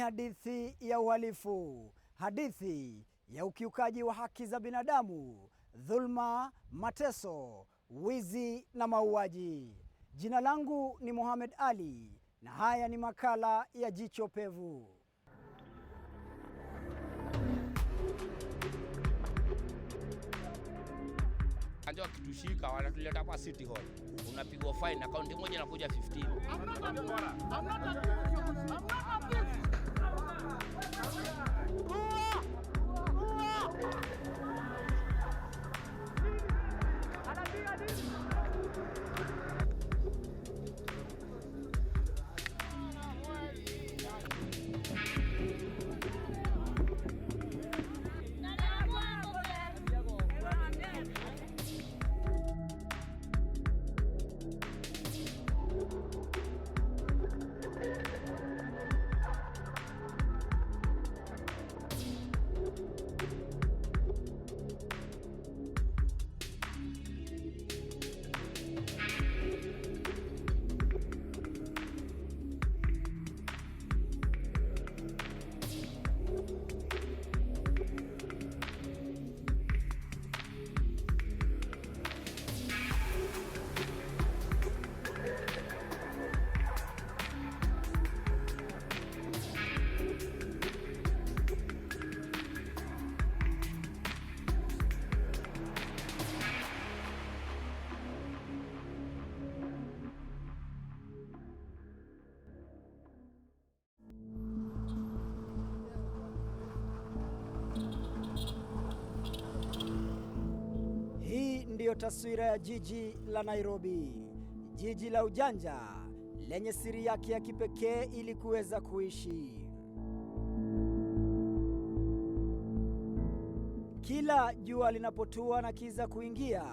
hadithi ya uhalifu, hadithi ya ukiukaji wa haki za binadamu, dhulma, mateso, wizi na mauaji. Jina langu ni Mohamed Ali na haya ni makala ya Jicho Pevu. Anza wakitushika wanatuleta hapa City Hall, unapigwa fine, akaunti moja inakuja 15. Boa! Boa! taswira ya jiji la Nairobi, jiji la ujanja lenye siri yake ya kipekee ili kuweza kuishi. Kila jua linapotua na kiza kuingia,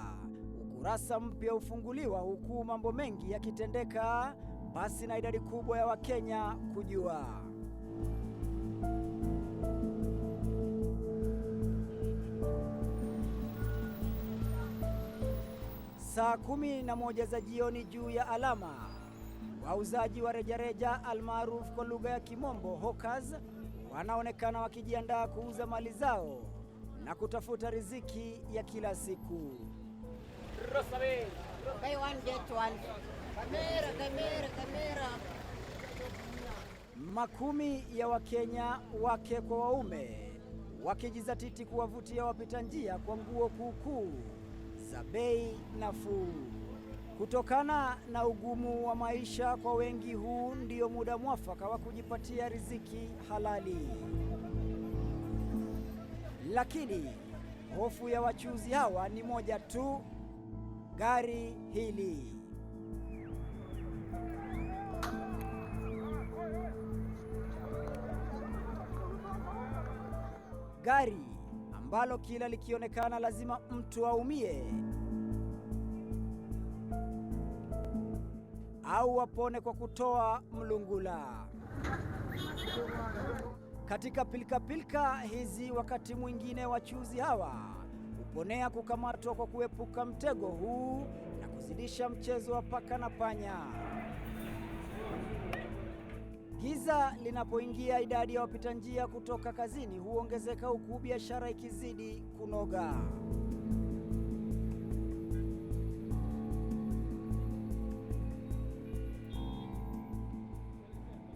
ukurasa mpya hufunguliwa, huku mambo mengi yakitendeka basi na idadi kubwa ya Wakenya kujua. saa kumi na moja za jioni juu ya alama. Wauzaji wa rejareja almaarufu kwa lugha ya Kimombo hawkers wanaonekana wakijiandaa kuuza mali zao na kutafuta riziki ya kila siku. Kamera, kamera, kamera. Makumi ya Wakenya wake kwa waume wakijizatiti kuwavutia wapita njia kwa nguo kuukuu za bei nafuu. Kutokana na ugumu wa maisha kwa wengi, huu ndio muda mwafaka wa kujipatia riziki halali. Lakini hofu ya wachuuzi hawa ni moja tu, gari hili. Gari ambalo kila likionekana lazima mtu aumie au wapone kwa kutoa mlungula. Katika pilikapilika hizi, wakati mwingine wachuzi hawa huponea kukamatwa kwa kuepuka mtego huu na kuzidisha mchezo wa paka na panya. Giza linapoingia, idadi ya wapita njia kutoka kazini huongezeka huku biashara ikizidi kunoga.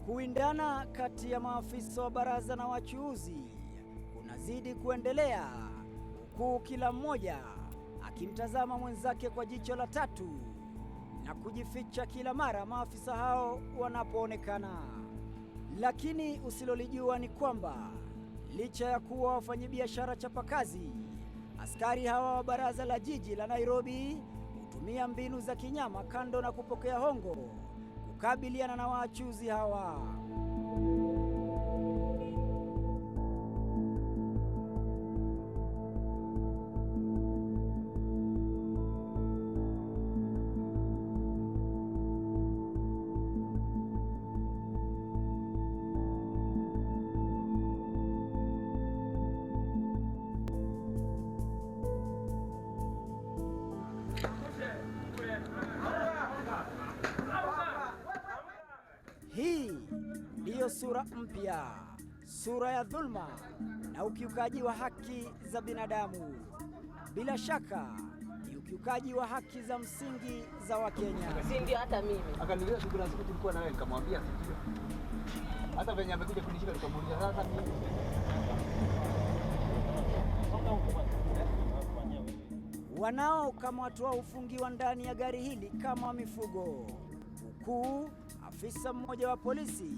Kuindana kati ya maafisa wa baraza na wachuuzi kunazidi kuendelea huku kila mmoja akimtazama mwenzake kwa jicho la tatu na kujificha kila mara maafisa hao wanapoonekana. Lakini usilolijua ni kwamba licha ya kuwa wafanyabiashara chapakazi, askari hawa wa baraza la jiji la Nairobi hutumia mbinu za kinyama, kando na kupokea hongo, kukabiliana na waachuzi hawa. sura mpya, sura ya dhulma na ukiukaji wa haki za binadamu. Bila shaka ni ukiukaji wa haki za msingi za Wakenya. Si ndio? Hata mimi akanilia siku na siku tulikuwa nawe, wewe, nikamwambia sio, hata venye amekuja kunishika nikamuuliza, sasa mimi wanao kama watu wanaokamatwa ufungiwa ndani ya gari hili kama wa mifugo, hukuu afisa mmoja wa polisi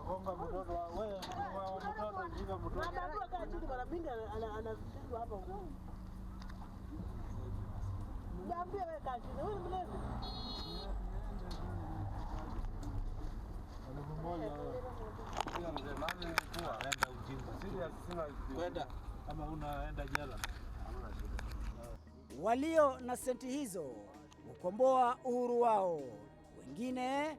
mtoto wewe, mtoto mtoto chini, mara mingi hapa huko. Niambie wewe, kaa chini, wewe Walio na senti hizo hukomboa uhuru wao, wengine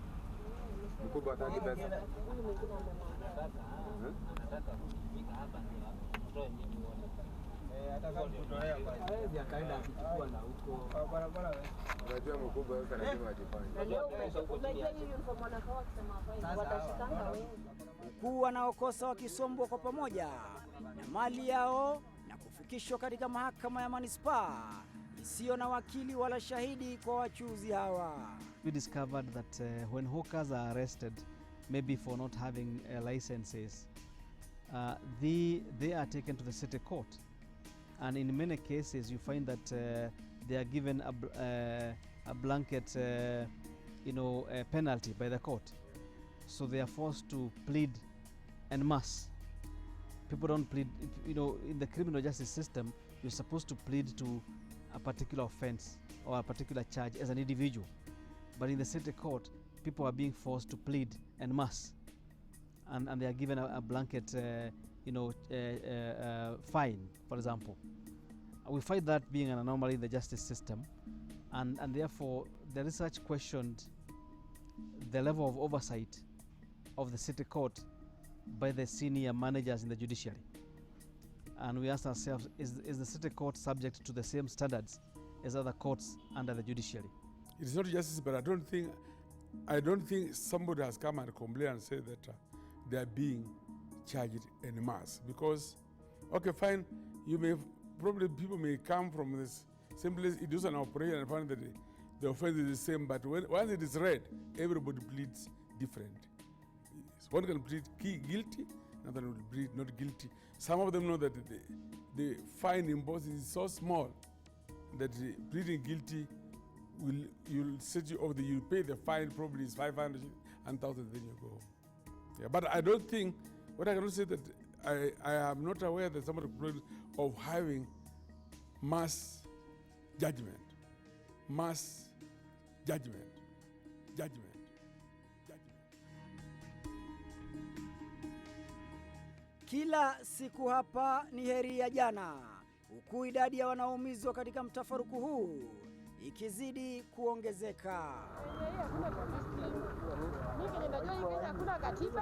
Mkubwa hataki pesa. Unajua mkubwa lazima eh. wanaokosa wakisombwa kwa pamoja na mali yao na kufikishwa katika mahakama ya manispaa isiyo na wakili wala shahidi kwa wachuuzi hawa. we discovered that uh, when hawkers are arrested, maybe for not having uh, licenses, uh, they, they are taken to the city court. And in many cases, you find that uh, they are given a, uh, a blanket uh, you know, penalty by the court. So they are forced to plead en masse. People don't plead, you know, in the criminal justice system, you're supposed to plead to a particular offense or a particular charge as an individual. But in the city court, people are being forced to plead en masse. And, and they are given a, a blanket, uh, you know, uh, uh, uh, fine, for example. We find that being an anomaly in the justice system, and, and therefore the research questioned the level of oversight of the city court by the senior managers in the judiciary. And we asked ourselves is, is the city court subject to the same standards as other courts under the judiciary? It is not justice, but I don't think I don't think somebody has come and complained and said that uh, they are being charged en mass because okay fine you may probably people may come from this same it does an operation and find that the, the offense is the same but when, once it is read everybody pleads different yes. one can plead guilty another will plead not guilty some of them know that the, the fine imposed is so small that pleading guilty will you'll set you off, the, you pay the fine, probably is 500 and 1,000, then you go home. Yeah, but I don't think, what I can say that I, I am not aware that somebody complained of having mass judgment. Mass judgment. Judgment. Kila siku hapa ni heri ya jana, huku idadi ya wanaoumizwa katika mtafaruku huu ikizidi kuongezeka. Hakuna katiba,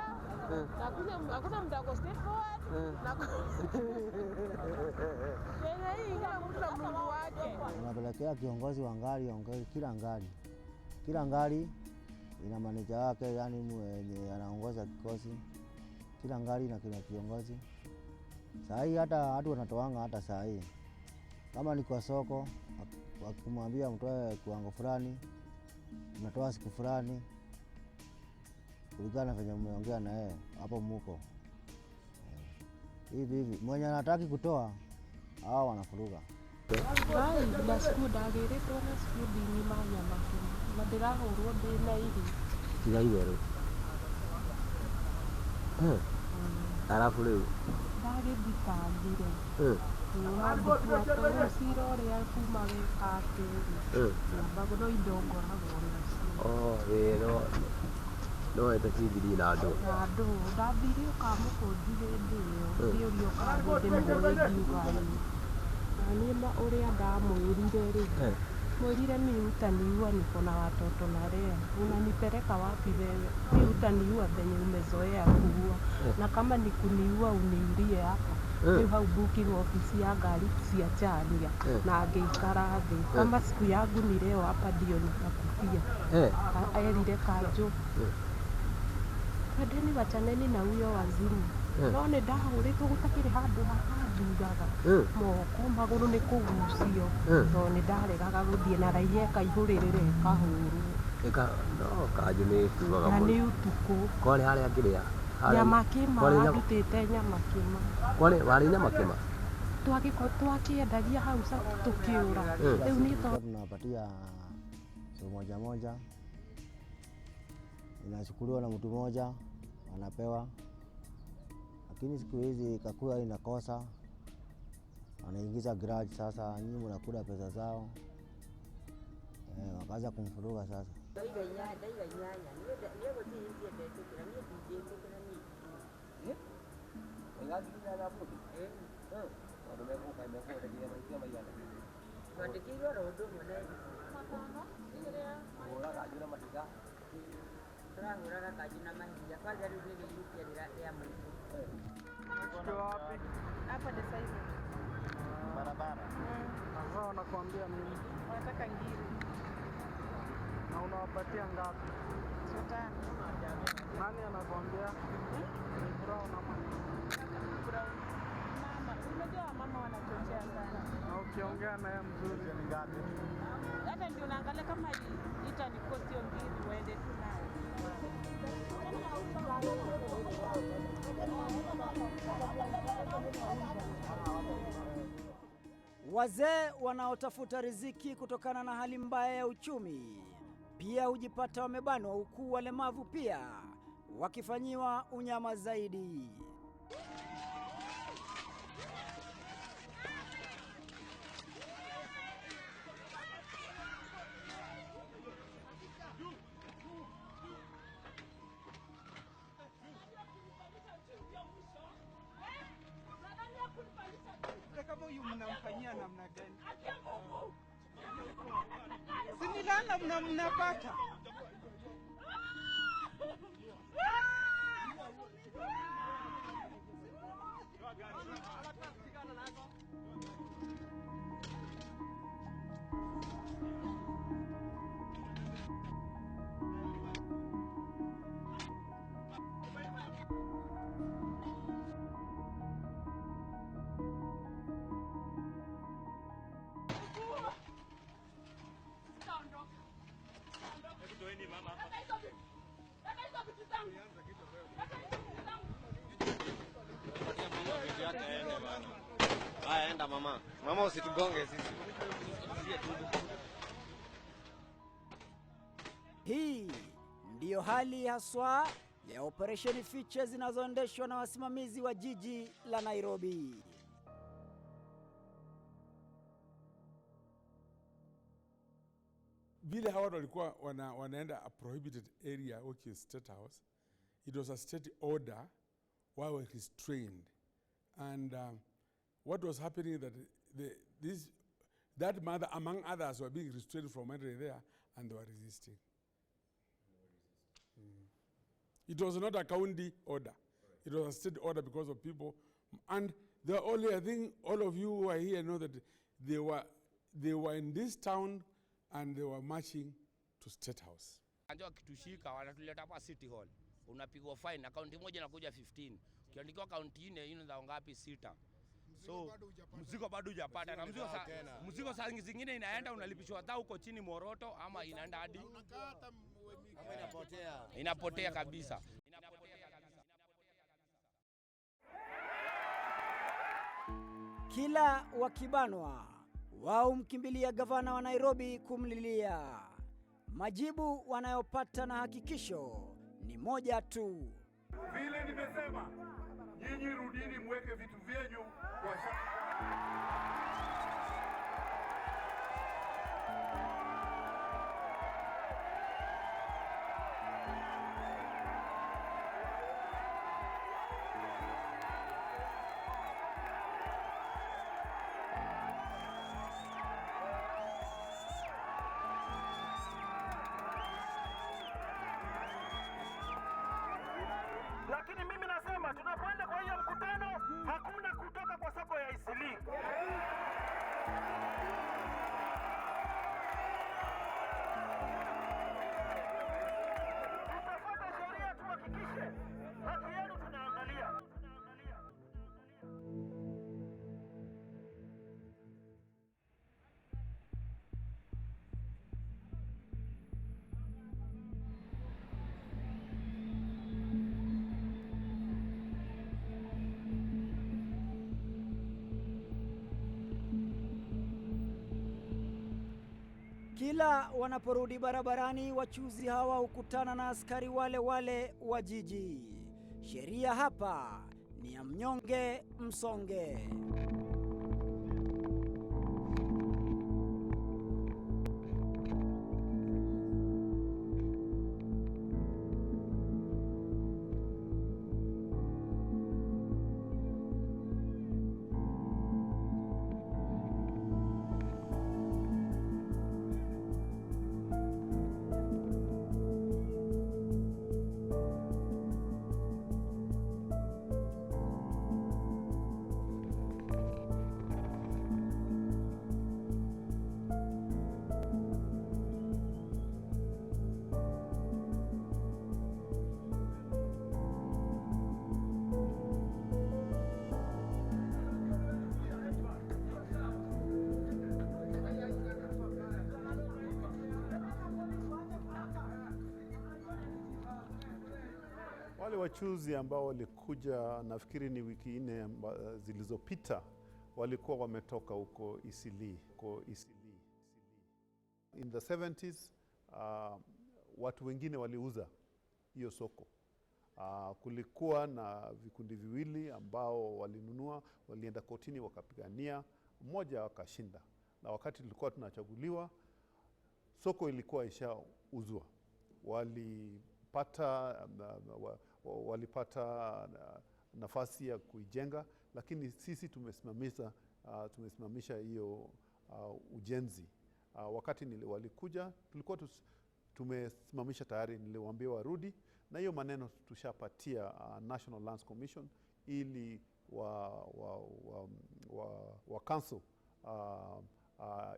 hakuna kiongozi wa ngari aongee kila ngari, kila ngari ina maneja wake, yani mwenye anaongoza kikosi, kila ngari na kila kiongozi. Saa hii hata watu wanatoanga hata saa hii, kama ni kwa soko wakimwambia mtoe kiwango fulani, mnatoa siku fulani kulingana venye mmeongea na yeye hapo muko hivi hivi. Mwenye anataki kutoa hao wanafuruga kigai Varie butandire. Wandĩkwo cirorĩa kuma a tĩri. Ambagwo no indongoragwo wĩra no wetĩkithirie na andũ na andũ ndambirie ũkamũkũndi hĩndĩ ĩyo ngĩũria ũkamũndĩ mũũrĩ ngiuga na niĩ ma ũrĩa ndamwĩrire rĩ Mwilire mimi utaniua, niko na watoto nalea, nipereka wapi wewe? Mimi utaniua venye umezoea kuua, eh. na kama ni kuniua uniulie hapa riu eh. hau booking ofisi ya ngari cia Chania eh. na ngiikara thi kama siku yangu ni leo, hapa ndio nitakufia, erire Kanjũ. kadeni wachaneni na huyo wazimu Mm. no nä ndahårĩtwo gũtakĩrĩ handũ hatandugaga moko mm. magũrũ nĩ kũgucio mm. no nä ndaregaga thiä na raihi ĩkaihũrĩrĩra ĩkahũrwo no kanjũ nĩ ĩtuaga na nĩ ũtukũ kwarĩ harĩa ngĩrĩa nyama kĩma ndutĩte nyama ma warĩ nyama kĩma twakiendagia hau sasa tukiura rĩu nĩ tunapatia siku moja moja inachukuliwa na mtu moja anapewa lakini siku hizi kakula inakosa, wanaingiza grudge. Sasa nyinyi mnakula pesa zao, e, wakaanza kumfuruga sasa wapi? Hapa the size barabara. Sasa mm. wanakuambia nini? Wanataka ngiri. Na unawapatia ngapi? Sotani. Nani anakuambia? Hmm? Ni Brown ama ni Brown? Mama, unajua wamama wanachochea sana. Na ukiongea naye mzuri ni ngapi? Hata ndio unaangalia kama itanikosi ngiri uende tu nayo. Wazee wanaotafuta riziki kutokana na hali mbaya ya uchumi pia hujipata wamebanwa, huku walemavu pia wakifanyiwa unyama zaidi. Panda mama, mama usitugonge sisi. Hii ndiyo hali haswa ya Operation fiche zinazoendeshwa na wasimamizi wa jiji la Nairobi. Vile hawa walikuwa wana, wanaenda a prohibited area which is state house, it was a state order wawe restrained and um, what was happening that the, this, that mother, among others, were being restrained from entering there and they were resisting. Mm. It was not a county order. It was a state order because of people. And the only, I think all of you who are here know that they were, they were in this town and they were marching to State House. Anza wakitushika wanatuleta hapa City Hall, unapigwa fine, akaunti moja inakuja 15 ukiandikiwa akaunti nne inaza ngapi? Sita so mzigo bado hujapata na mzigo saa mzigo saa zingine inaenda unalipishwa dha huko chini Moroto, ama inaenda hadi inapotea kabisa. Kila wakibanwa wao mkimbilia gavana wa Nairobi kumlilia. Majibu wanayopata na hakikisho ni moja tu, vile nimesema Nyinyi rudini, mweke vitu vyenyu kwa Kila wanaporudi barabarani, wachuzi hawa hukutana na askari wale wale wa jiji. Sheria hapa ni ya mnyonge msonge. wachuzi ambao walikuja nafikiri ni wiki nne zilizopita walikuwa wametoka huko Isili, huko Isili. In the 70s uh, watu wengine waliuza hiyo soko. Uh, kulikuwa na vikundi viwili ambao walinunua, walienda kotini wakapigania, mmoja wakashinda, na wakati tulikuwa tunachaguliwa soko ilikuwa ishauzwa, walipata uh, walipata nafasi ya kuijenga, lakini sisi tumesimamisha uh, ah, tumesimamisha hiyo uh, ujenzi uh, wakati nili, walikuja tulikuwa tus, tumesimamisha tayari, niliwaambia warudi na hiyo maneno tushapatia uh, National Lands Commission ili wa, wa, wa, wa, wa council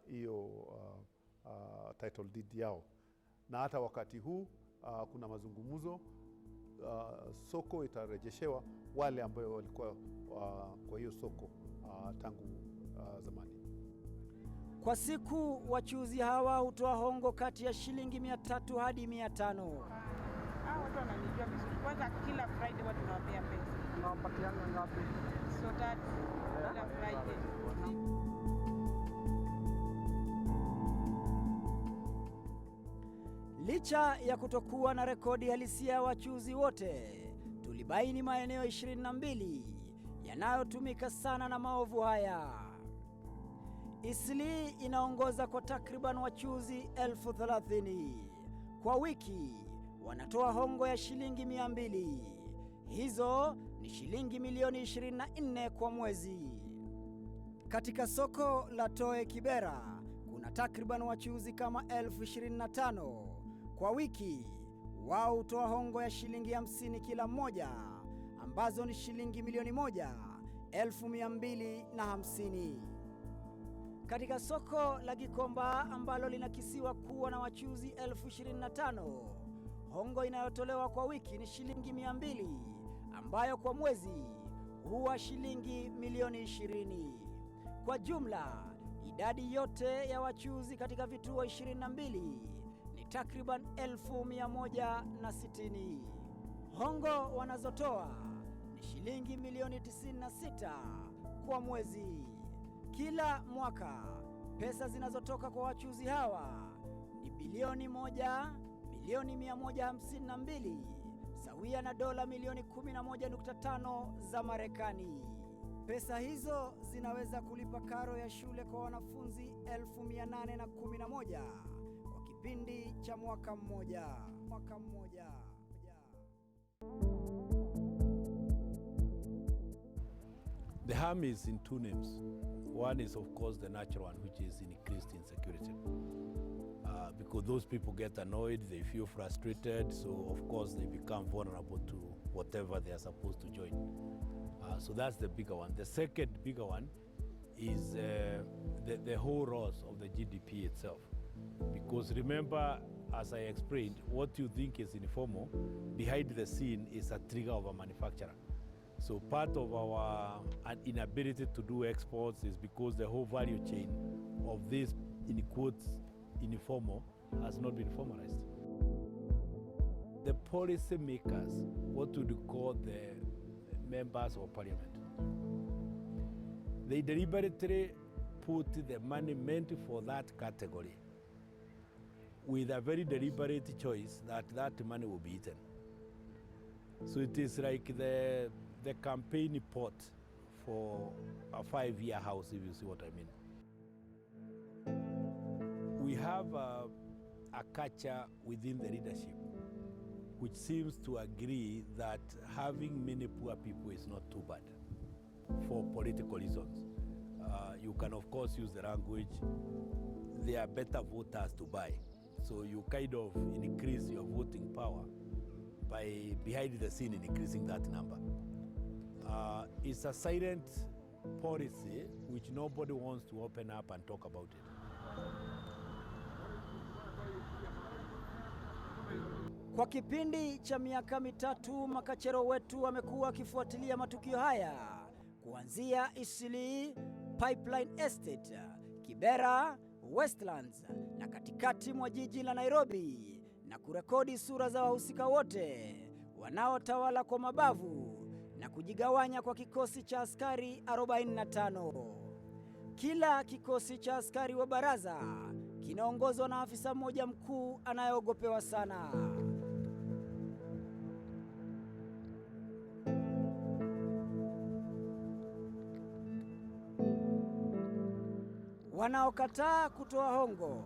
hiyo uh, uh, uh, uh, title deed yao, na hata wakati huu uh, kuna mazungumzo uh, soko itarejeshewa wale ambayo walikuwa uh, kwa hiyo soko uh, tangu uh, zamani. Kwa siku wachuuzi hawa hutoa hongo kati ya shilingi mia tatu hadi mia tano. Ah, watu wananijua vizuri. Kwanza kila Friday watu nawapea pesa. Nawapatiana ngapi? So that kila Friday Licha ya kutokuwa na rekodi halisia ya wachuuzi wote, tulibaini maeneo 22 yanayotumika sana na maovu haya. Isli inaongoza kwa takriban wachuuzi elfu thelathini kwa wiki, wanatoa hongo ya shilingi 200. Hizo ni shilingi milioni 24 kwa mwezi. Katika soko la Toe Kibera kuna takriban wachuuzi kama elfu 25 kwa wiki. Wao hutoa hongo ya shilingi hamsini kila mmoja, ambazo ni shilingi milioni moja elfu mia mbili na hamsini. Katika soko la Gikomba ambalo linakisiwa kuwa na wachuzi elfu ishirini na tano, hongo inayotolewa kwa wiki ni shilingi mia mbili ambayo kwa mwezi huwa shilingi milioni ishirini. Kwa jumla idadi yote ya wachuzi katika vituo 22 takriban 1160. Hongo wanazotoa ni shilingi milioni 96 kwa mwezi. Kila mwaka pesa zinazotoka kwa wachuzi hawa ni bilioni 1 milioni 152 sawia na dola milioni 11.5 za Marekani. Pesa hizo zinaweza kulipa karo ya shule kwa wanafunzi 1811 kipindi cha mwaka mmoja, mwaka mmoja. The harm is in two names. One is of course the natural one which is increased insecurity. Uh, because those people get annoyed, they feel frustrated, so of course they become vulnerable to whatever they are supposed to join. Uh, so that's the bigger one. The second bigger one is uh, the, the whole loss of the GDP itself. Because remember, as I explained, what you think is informal, behind the scene is a trigger of a manufacturer. So part of our inability to do exports is because the whole value chain of this, in quotes, informal has not been formalized. The policy makers, what would call the members of parliament, they deliberately put the money meant for that category with a very deliberate choice that that money will be eaten. So it is like the, the campaign pot for a five-year house, if you see what I mean. We have a, a culture within the leadership which seems to agree that having many poor people is not too bad for political reasons. Uh, you can, of course, use the language, they are better voters to buy. So you kind of increase your voting power by behind the scene increasing that number. Uh, it's a silent policy which nobody wants to open up and talk about it. Kwa kipindi cha miaka mitatu makachero wetu wamekuwa akifuatilia matukio haya kuanzia Isili, Pipeline Estate, Kibera Westlands na katikati mwa jiji la Nairobi na kurekodi sura za wahusika wote wanaotawala kwa mabavu na kujigawanya kwa kikosi cha askari 45. Kila kikosi cha askari wa baraza kinaongozwa na afisa mmoja mkuu anayeogopewa sana. wanaokataa kutoa hongo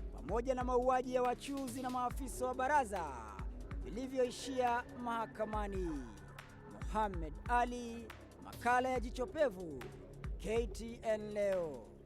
pamoja na mauaji ya wachuzi na maafisa wa baraza vilivyoishia mahakamani. Muhammad Ali, makala ya Jicho Pevu, KTN leo.